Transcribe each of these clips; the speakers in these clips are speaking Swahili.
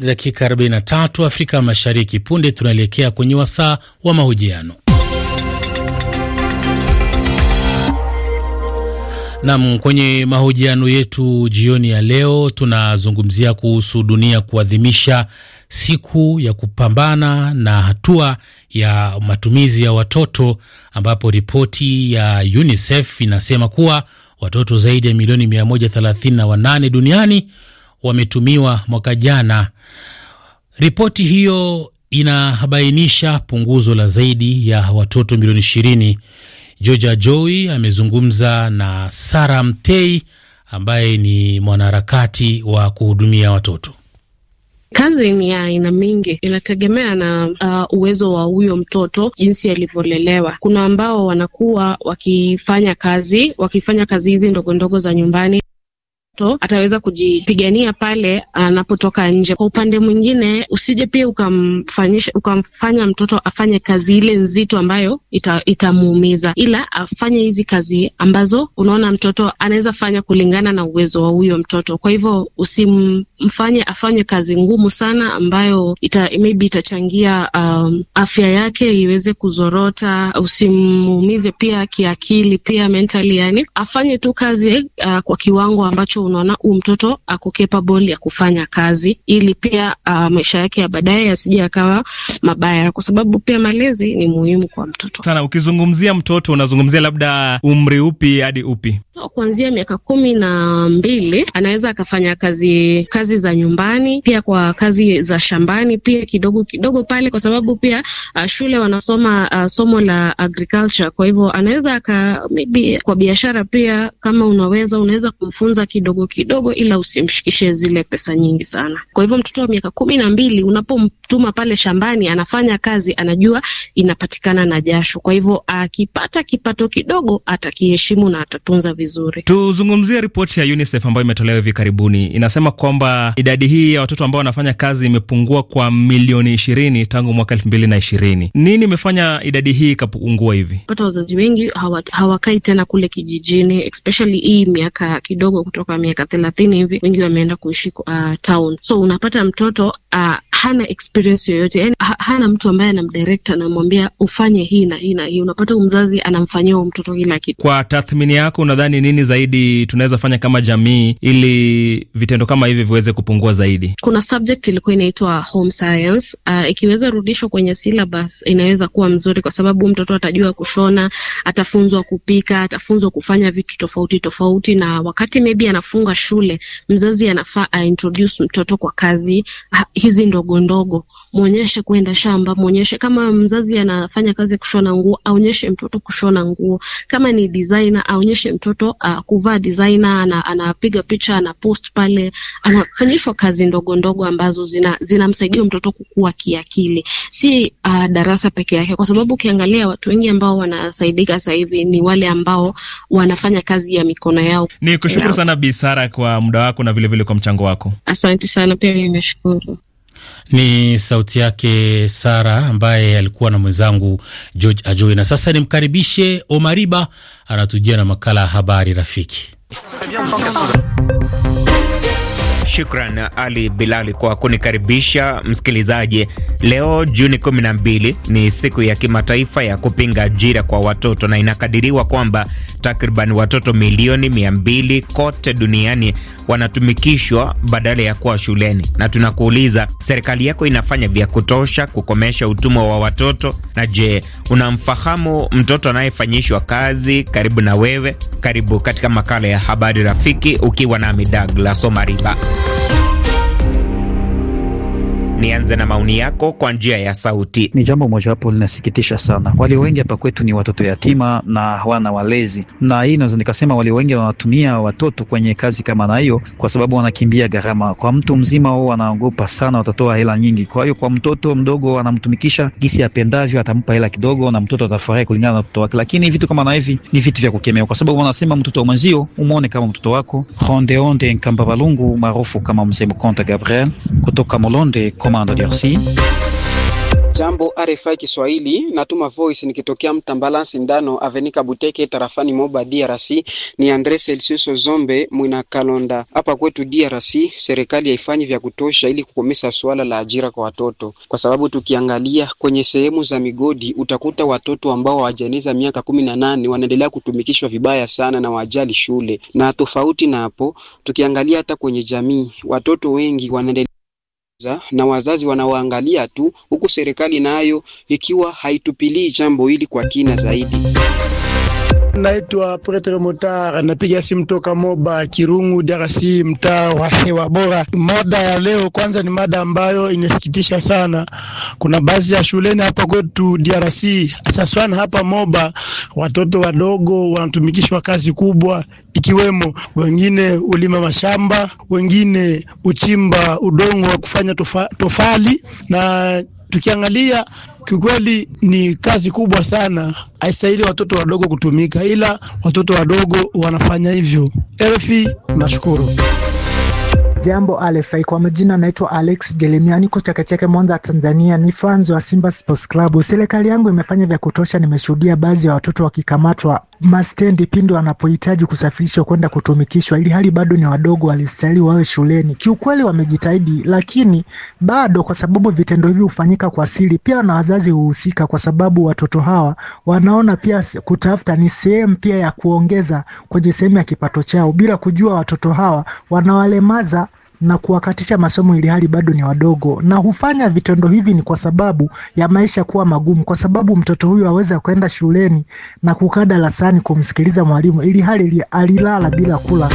Dakika 43 Afrika Mashariki. Punde tunaelekea kwenye wasaa wa mahojiano. Nam, kwenye mahojiano yetu jioni ya leo tunazungumzia kuhusu dunia kuadhimisha siku ya kupambana na hatua ya matumizi ya watoto, ambapo ripoti ya UNICEF inasema kuwa watoto zaidi ya milioni 138 duniani wametumiwa mwaka jana. Ripoti hiyo inabainisha punguzo la zaidi ya watoto milioni ishirini. Georgia Joy amezungumza na Sara Mtei ambaye ni mwanaharakati wa kuhudumia watoto. Kazi ni ya aina mingi, inategemea na uh, uwezo wa huyo mtoto, jinsi alivyolelewa. Kuna ambao wanakuwa wakifanya kazi, wakifanya kazi hizi ndogo ndogo za nyumbani ataweza kujipigania pale anapotoka nje. Kwa upande mwingine, usije pia ukamfanyisha ukamfanya mtoto afanye kazi ile nzito ambayo ita, itamuumiza, ila afanye hizi kazi ambazo unaona mtoto anaweza fanya kulingana na uwezo wa huyo mtoto. Kwa hivyo usimfanye afanye kazi ngumu sana ambayo ita, maybe itachangia um, afya yake iweze kuzorota. Usimuumize pia kiakili, pia mentally, yani afanye tu kazi uh, kwa kiwango ambacho unaona huu mtoto ako capable ya kufanya kazi, ili pia uh, maisha yake ya baadaye yasije yakawa mabaya, kwa sababu pia malezi ni muhimu kwa mtoto sana. Ukizungumzia mtoto unazungumzia labda umri upi hadi upi? kuanzia miaka kumi na mbili anaweza akafanya kazi kazi za nyumbani, pia kwa kazi za shambani pia kidogo kidogo pale, kwa sababu pia uh, shule wanasoma uh, somo la agriculture. Kwa hivyo anaweza aka maybe kwa biashara pia, kama unaweza unaweza kumfunza kidogo kidogo, ila usimshikishe zile pesa nyingi sana. Kwa hivyo mtoto wa miaka kumi na mbili unapomtuma pale shambani, anafanya kazi, anajua inapatikana na jasho. Kwa hivyo akipata uh, kipato kidogo atakiheshimu na atatunza vizuri vizuri. Tuzungumzie ripoti ya UNICEF ambayo imetolewa hivi karibuni, inasema kwamba idadi hii ya watoto ambao wanafanya kazi imepungua kwa milioni ishirini tangu mwaka elfu mbili na ishirini. Nini imefanya idadi hii ikapungua hivi? Pata wazazi wengi hawakai tena kule kijijini, especially hii miaka kidogo kutoka miaka thelathini hivi, wengi wameenda kuishi uh, town, so unapata mtoto uh, hana experience yoyote yani, hana mtu ambaye anamdirect anamwambia ufanye hii na hii na hii. Unapata mzazi anamfanyia mtoto kila kitu. Kwa tathmini yako, unadhani ni nini zaidi tunaweza fanya kama jamii ili vitendo kama hivi viweze kupungua zaidi? Kuna subject ilikuwa inaitwa home science. Uh, ikiweza rudishwa kwenye syllabus inaweza kuwa mzuri, kwa sababu mtoto atajua kushona, atafunzwa kupika, atafunzwa kufanya vitu tofauti tofauti, na wakati maybe anafunga shule, mzazi anafaa introduce mtoto kwa kazi ah, hizi ndogo ndogo, mwonyeshe kwenda shamba, mwonyeshe kama mzazi anafanya kazi ya kushona nguo, aonyeshe mtoto kushona nguo. Kama ni designer, aonyeshe mtoto mtoto uh, kuvaa designer, anapiga picha, ana post pale, anafanyishwa kazi ndogo ndogo ambazo zinamsaidia mtoto kukua kiakili, si uh, darasa peke yake, kwa sababu ukiangalia watu wengi ambao wanasaidika sasa hivi ni wale ambao wanafanya kazi ya mikono yao. Ni kushukuru sana Bisara kwa muda wako na vilevile vile kwa mchango wako, asante sana. Pia nimeshukuru. Ni sauti yake Sara ambaye alikuwa na mwenzangu George Ajoi. Na sasa nimkaribishe Omariba, anatujia na makala ya habari rafiki. Shukran Ali Bilali kwa kunikaribisha msikilizaji. Leo Juni 12 ni siku ya kimataifa ya kupinga ajira kwa watoto, na inakadiriwa kwamba takriban watoto milioni mia mbili kote duniani wanatumikishwa badala ya kuwa shuleni, na tunakuuliza serikali yako inafanya vya kutosha kukomesha utumwa wa watoto? Na je, unamfahamu mtoto anayefanyishwa kazi? Karibu na wewe, karibu katika makala ya habari rafiki, ukiwa nami Douglas Omariba tuanze na maoni yako kwa njia ya sauti. Ni jambo mojawapo linasikitisha sana. Walio wengi hapa kwetu ni watoto yatima na hawana walezi, na hii naweza nikasema walio wengi wanatumia watoto kwenye kazi kama na hiyo, kwa sababu wanakimbia gharama. Kwa mtu mzima huo wanaogopa sana, watatoa hela nyingi. Kwa hiyo kwa mtoto mdogo anamtumikisha gisi apendavyo, atampa hela kidogo na mtoto atafurahi kulingana na mtoto wake. Lakini vitu kama na hivi ni vitu vya kukemewa, kwa sababu wanasema mtoto wa mwenzio umwone kama mtoto wako. Rondeonde Balungu maarufu kama Mzee Mkonta Gabriel kutoka Molonde Komanda DRC. Jambo RFI Kiswahili, natuma voice nikitokea Mtambala Sindano Avenika Buteke tarafani Moba DRC. Ni Andre Celsius Zombe Mwina Kalonda. Hapa kwetu DRC serikali haifanyi vya kutosha ili kukomesa swala la ajira kwa watoto, kwa sababu tukiangalia kwenye sehemu za migodi utakuta watoto ambao hawajaeneza miaka kumi na nane wanaendelea kutumikishwa vibaya sana na wajali shule, na tofauti na hapo tukiangalia hata kwenye jamii watoto wengi wanaendelea na wazazi wanawaangalia tu, huku serikali nayo ikiwa haitupilii jambo hili kwa kina zaidi. Naitwa Pretre Mutar, napiga simu toka Moba Kirungu, DRC, mtaa wa hewa bora. Mada ya leo kwanza ni mada ambayo inasikitisha sana. Kuna baadhi ya shuleni hapa kwetu DRC, asaswana hapa Moba, watoto wadogo wanatumikishwa kazi kubwa, ikiwemo wengine ulima mashamba, wengine uchimba udongo wa kufanya tofa, tofali na tukiangalia kiukweli ni kazi kubwa sana, haistahili watoto wadogo kutumika, ila watoto wadogo wanafanya hivyo. Elfi, nashukuru. Jambo alefai, kwa majina naitwa Alex Jeremia, niko Chakecheke, Mwanza, Tanzania. Ni fans wa Simba Sports Club. Serikali yangu imefanya vya kutosha, nimeshuhudia baadhi ya watoto wakikamatwa mastendi pindi wanapohitaji kusafirishwa kwenda kutumikishwa, ili hali bado ni wadogo, walistahili wawe shuleni. Kiukweli wamejitahidi, lakini bado, kwa sababu vitendo hivi hufanyika kwa siri, pia na wazazi huhusika, kwa sababu watoto hawa wanaona pia kutafuta ni sehemu pia ya kuongeza kwenye sehemu ya kipato chao, bila kujua watoto hawa wanawalemaza na kuwakatisha masomo ili hali bado ni wadogo, na hufanya vitendo hivi ni kwa sababu ya maisha kuwa magumu, kwa sababu mtoto huyu aweza kwenda shuleni na kukaa darasani kumsikiliza mwalimu ili hali alilala bila kula.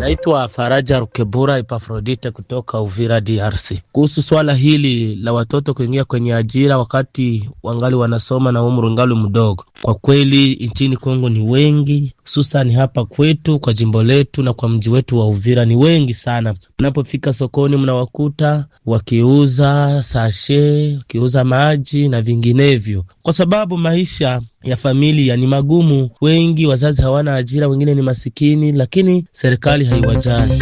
Naitwa Faraja Rukebura Epafrodite kutoka Uvira, DRC. Kuhusu swala hili la watoto kuingia kwenye ajira wakati wangali wanasoma na umri ngali mdogo, kwa kweli nchini Kongo ni wengi, hususani hapa kwetu kwa jimbo letu na kwa mji wetu wa Uvira ni wengi sana. Mnapofika sokoni, mnawakuta wakiuza sashe, wakiuza maji na vinginevyo, kwa sababu maisha ya familia ni magumu. Wengi wazazi hawana ajira, wengine ni masikini, lakini serikali haiwajali.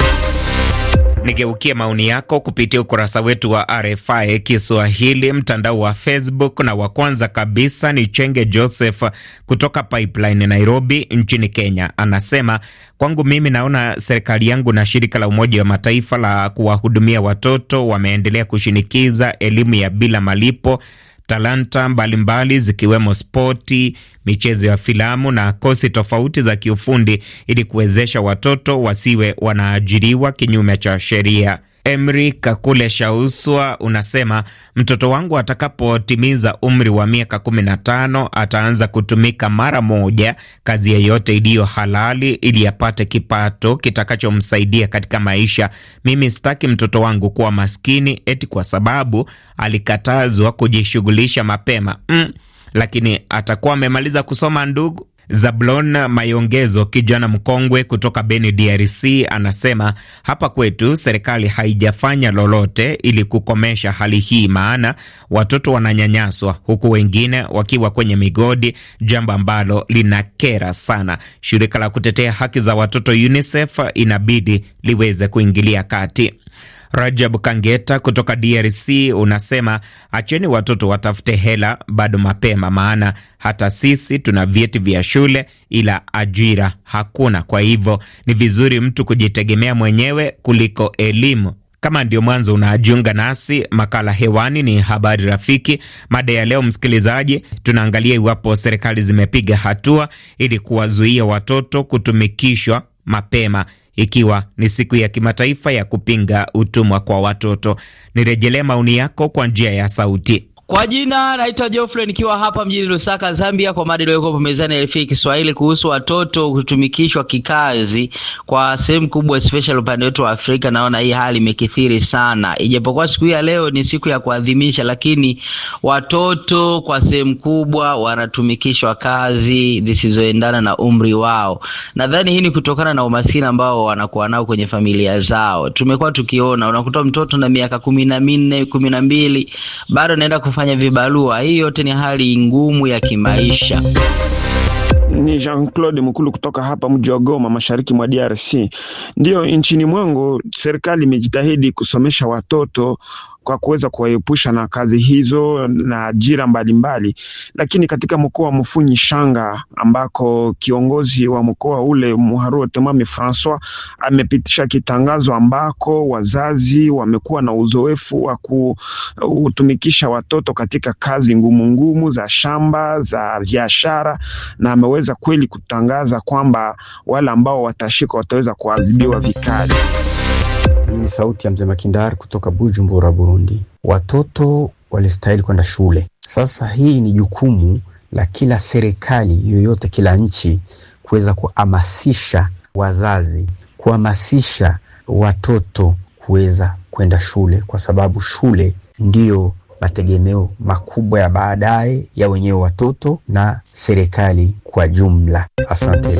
Nigeukie maoni yako kupitia ukurasa wetu wa RFI Kiswahili, mtandao wa Facebook, na wa kwanza kabisa ni Chenge Joseph kutoka Pipeline, Nairobi nchini Kenya. Anasema, kwangu mimi naona serikali yangu na shirika la Umoja wa Mataifa la kuwahudumia watoto wameendelea kushinikiza elimu ya bila malipo talanta mbalimbali zikiwemo spoti, michezo ya filamu na kosi tofauti za kiufundi ili kuwezesha watoto wasiwe wanaajiriwa kinyume cha sheria. Emri Kakule Shauswa unasema mtoto wangu atakapotimiza umri wa miaka kumi na tano ataanza kutumika mara moja kazi yeyote iliyo halali ili apate kipato kitakachomsaidia katika maisha. Mimi sitaki mtoto wangu kuwa maskini eti kwa sababu alikatazwa kujishughulisha mapema mm. Lakini atakuwa amemaliza kusoma ndugu Zablon Mayongezo, kijana mkongwe kutoka Beni, DRC, anasema hapa kwetu serikali haijafanya lolote ili kukomesha hali hii, maana watoto wananyanyaswa huku wengine wakiwa kwenye migodi, jambo ambalo linakera sana. Shirika la kutetea haki za watoto UNICEF inabidi liweze kuingilia kati. Rajab Kangeta kutoka DRC unasema acheni watoto watafute hela bado mapema, maana hata sisi tuna vyeti vya shule, ila ajira hakuna. Kwa hivyo ni vizuri mtu kujitegemea mwenyewe kuliko elimu. Kama ndio mwanzo unajiunga nasi, makala hewani ni habari rafiki. Mada ya leo, msikilizaji, tunaangalia iwapo serikali zimepiga hatua ili kuwazuia watoto kutumikishwa mapema ikiwa ni siku ya kimataifa ya kupinga utumwa kwa watoto. Nirejelee maoni yako kwa njia ya sauti. Kwa jina naitwa Geoffrey nikiwa hapa mjini Lusaka, Zambia, kwa mada iliyokuwa ya RFI Kiswahili kuhusu watoto kutumikishwa kikazi kwa sehemu kubwa, especially upande wetu wa Afrika. Naona hii hali imekithiri sana, ijapokuwa siku hii ya leo ni siku ya kuadhimisha, lakini watoto kwa sehemu kubwa wanatumikishwa kazi zisizoendana na umri wao. Nadhani hii ni kutokana na umaskini ambao wanakuwa nao kwenye familia zao. Tumekuwa tukiona unakuta mtoto na miaka kumi na minne kumi na mbili bado anaenda wanafanya vibarua. Hii yote ni hali ngumu ya kimaisha. Ni Jean Claude Mkulu kutoka hapa mji wa Goma, mashariki mwa DRC. Ndiyo, nchini mwangu serikali imejitahidi kusomesha watoto kwa kuweza kuwaepusha na kazi hizo na ajira mbalimbali. Lakini katika mkoa wa Mfunyi Shanga, ambako kiongozi wa mkoa ule Muharu Temami Francois amepitisha kitangazo ambako wazazi wamekuwa na uzoefu wa kutumikisha watoto katika kazi ngumu ngumu za shamba za biashara, na ameweza kweli kutangaza kwamba wale ambao watashika wataweza kuadhibiwa vikali ni sauti ya mzee Makindari kutoka Bujumbura, Burundi. Watoto walistahili kwenda shule. Sasa hii ni jukumu la kila serikali yoyote, kila nchi kuweza kuhamasisha wazazi, kuhamasisha watoto kuweza kwenda shule, kwa sababu shule ndiyo mategemeo makubwa ya baadaye ya wenyewe watoto na serikali kwa jumla. Asante.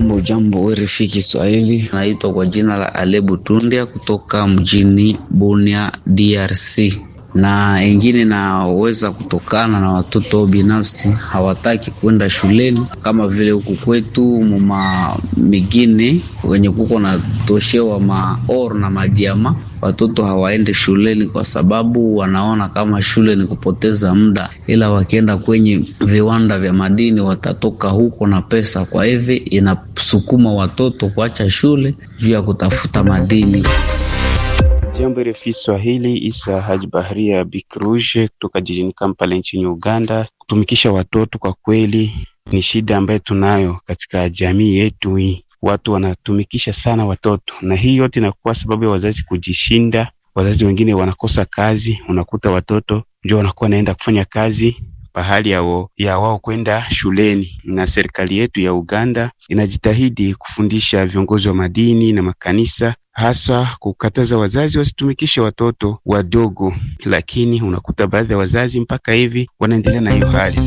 Jambo jambo, RFI Kiswahili, naitwa kwa jina la Alebu Tundia kutoka mjini Bunia, DRC na ingine inaweza kutokana na watoto binafsi hawataki kwenda shuleni, kama vile huku kwetu muma migine wenye kuko natoshewa maor na majama watoto hawaende shuleni kwa sababu wanaona kama shule ni kupoteza muda, ila wakienda kwenye viwanda vya madini watatoka huko na pesa. Kwa hivyo inasukuma watoto kuacha shule juu ya kutafuta madini. Jambo RFI Swahili, Isa Haji Bahria Bikruje kutoka jijini Kampala nchini Uganda. Kutumikisha watoto kwa kweli ni shida ambayo tunayo katika jamii yetu hii. Watu wanatumikisha sana watoto, na hii yote inakuwa sababu ya wazazi kujishinda. Wazazi wengine wanakosa kazi, unakuta watoto ndio wanakuwa wanaenda kufanya kazi pahali yao ya wao kwenda shuleni. Na serikali yetu ya Uganda inajitahidi kufundisha viongozi wa madini na makanisa hasa kukataza wazazi wasitumikishe watoto wadogo, lakini unakuta baadhi ya wazazi mpaka hivi wanaendelea na hiyo hali.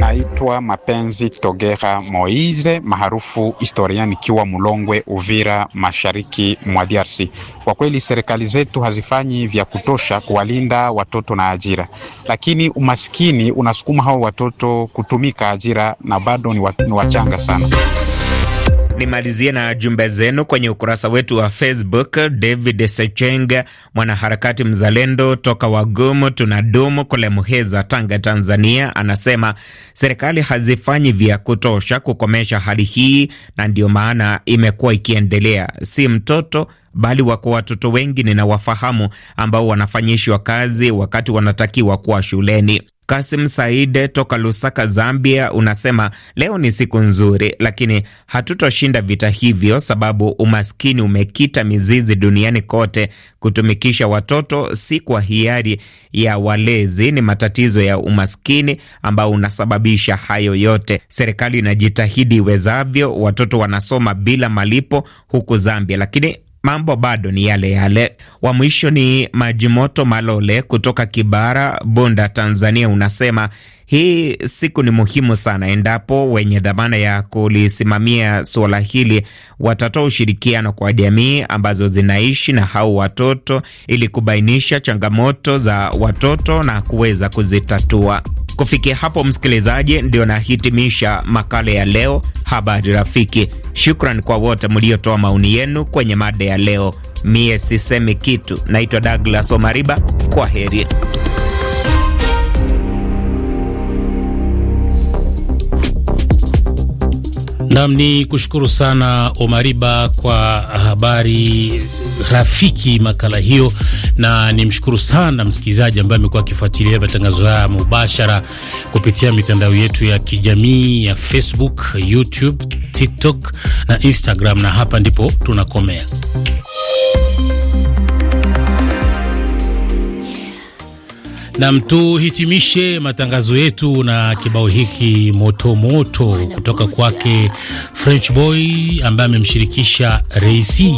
Naitwa Mapenzi Togera Moise maarufu historia, nikiwa Mulongwe, Uvira, mashariki mwa DRC. Kwa kweli serikali zetu hazifanyi vya kutosha kuwalinda watoto na ajira, lakini umaskini unasukuma hao watoto kutumika ajira na bado ni wachanga sana nimalizie na jumbe zenu kwenye ukurasa wetu wa Facebook. David secheng mwanaharakati mzalendo toka Wagumu tunadumu kule Muheza, Tanga, Tanzania, anasema serikali hazifanyi vya kutosha kukomesha hali hii, na ndiyo maana imekuwa ikiendelea. Si mtoto bali wako watoto wengi ninawafahamu ambao wanafanyishwa kazi wakati wanatakiwa kuwa shuleni. Kasim Saide toka Lusaka, Zambia, unasema leo ni siku nzuri, lakini hatutoshinda vita hivyo sababu umaskini umekita mizizi duniani kote. Kutumikisha watoto si kwa hiari ya walezi, ni matatizo ya umaskini ambao unasababisha hayo yote. Serikali inajitahidi iwezavyo, watoto wanasoma bila malipo huku Zambia, lakini mambo bado ni yale yale. Wa mwisho ni Majimoto Malole kutoka Kibara, Bunda, Tanzania, unasema hii siku ni muhimu sana. Endapo wenye dhamana ya kulisimamia suala hili watatoa ushirikiano kwa jamii ambazo zinaishi na hao watoto ili kubainisha changamoto za watoto na kuweza kuzitatua. Kufikia hapo, msikilizaji, ndio nahitimisha makala ya leo habari rafiki. Shukran kwa wote mliotoa maoni yenu kwenye mada ya leo. Mie sisemi kitu, naitwa Douglas Omariba. Kwa heri. Nam ni kushukuru sana Omariba kwa habari rafiki makala hiyo, na ni mshukuru sana msikilizaji ambaye amekuwa akifuatilia matangazo haya mubashara kupitia mitandao yetu ya kijamii ya Facebook, YouTube, TikTok na Instagram, na hapa ndipo tunakomea. Nam, tuhitimishe matangazo yetu na kibao hiki motomoto moto, kutoka kwake French Boy ambaye amemshirikisha Reisi.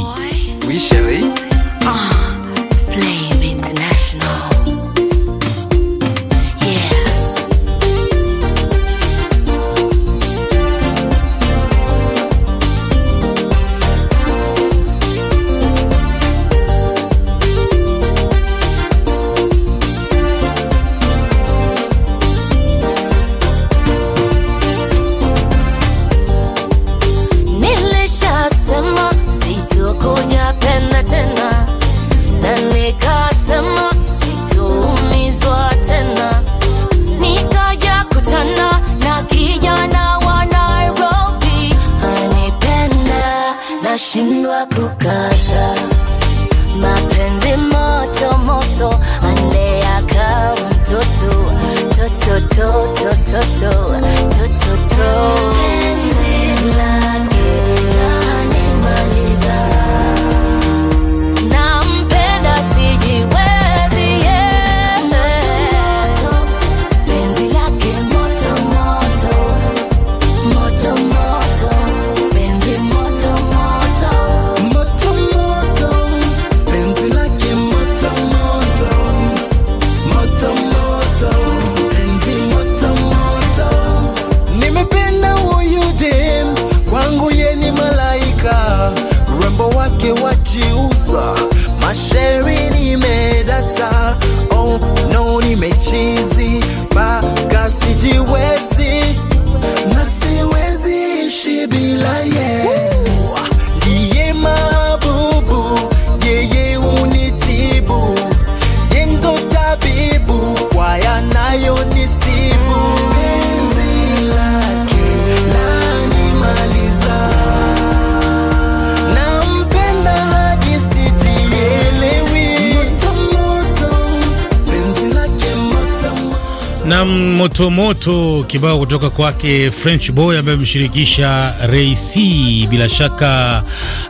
touch of motomoto kibao kutoka kwake French Boy ambaye amemshirikisha C bila shaka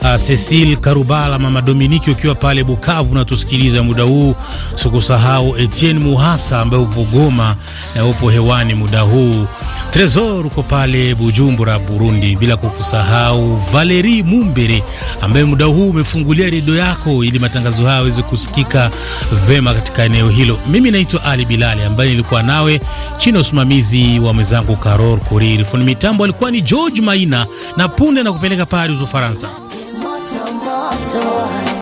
uh, Cecil Karubala, mama Dominiki ukiwa pale Bukavu natusikiliza muda huu. Sikusahau Etienne Muhasa ambaye upo Goma na upo hewani muda huu Tresor uko pale Bujumbura, Burundi, bila kukusahau Valeri Mumbere ambaye muda huu umefungulia redio yako ili matangazo haya yaweze kusikika vema katika eneo hilo. Mimi naitwa Ali Bilali ambaye nilikuwa nawe chini ya usimamizi wa mwenzangu karor Kuriri. Fundi mitambo alikuwa ni George Maina, na punde na kupeleka Paris, Ufaransa.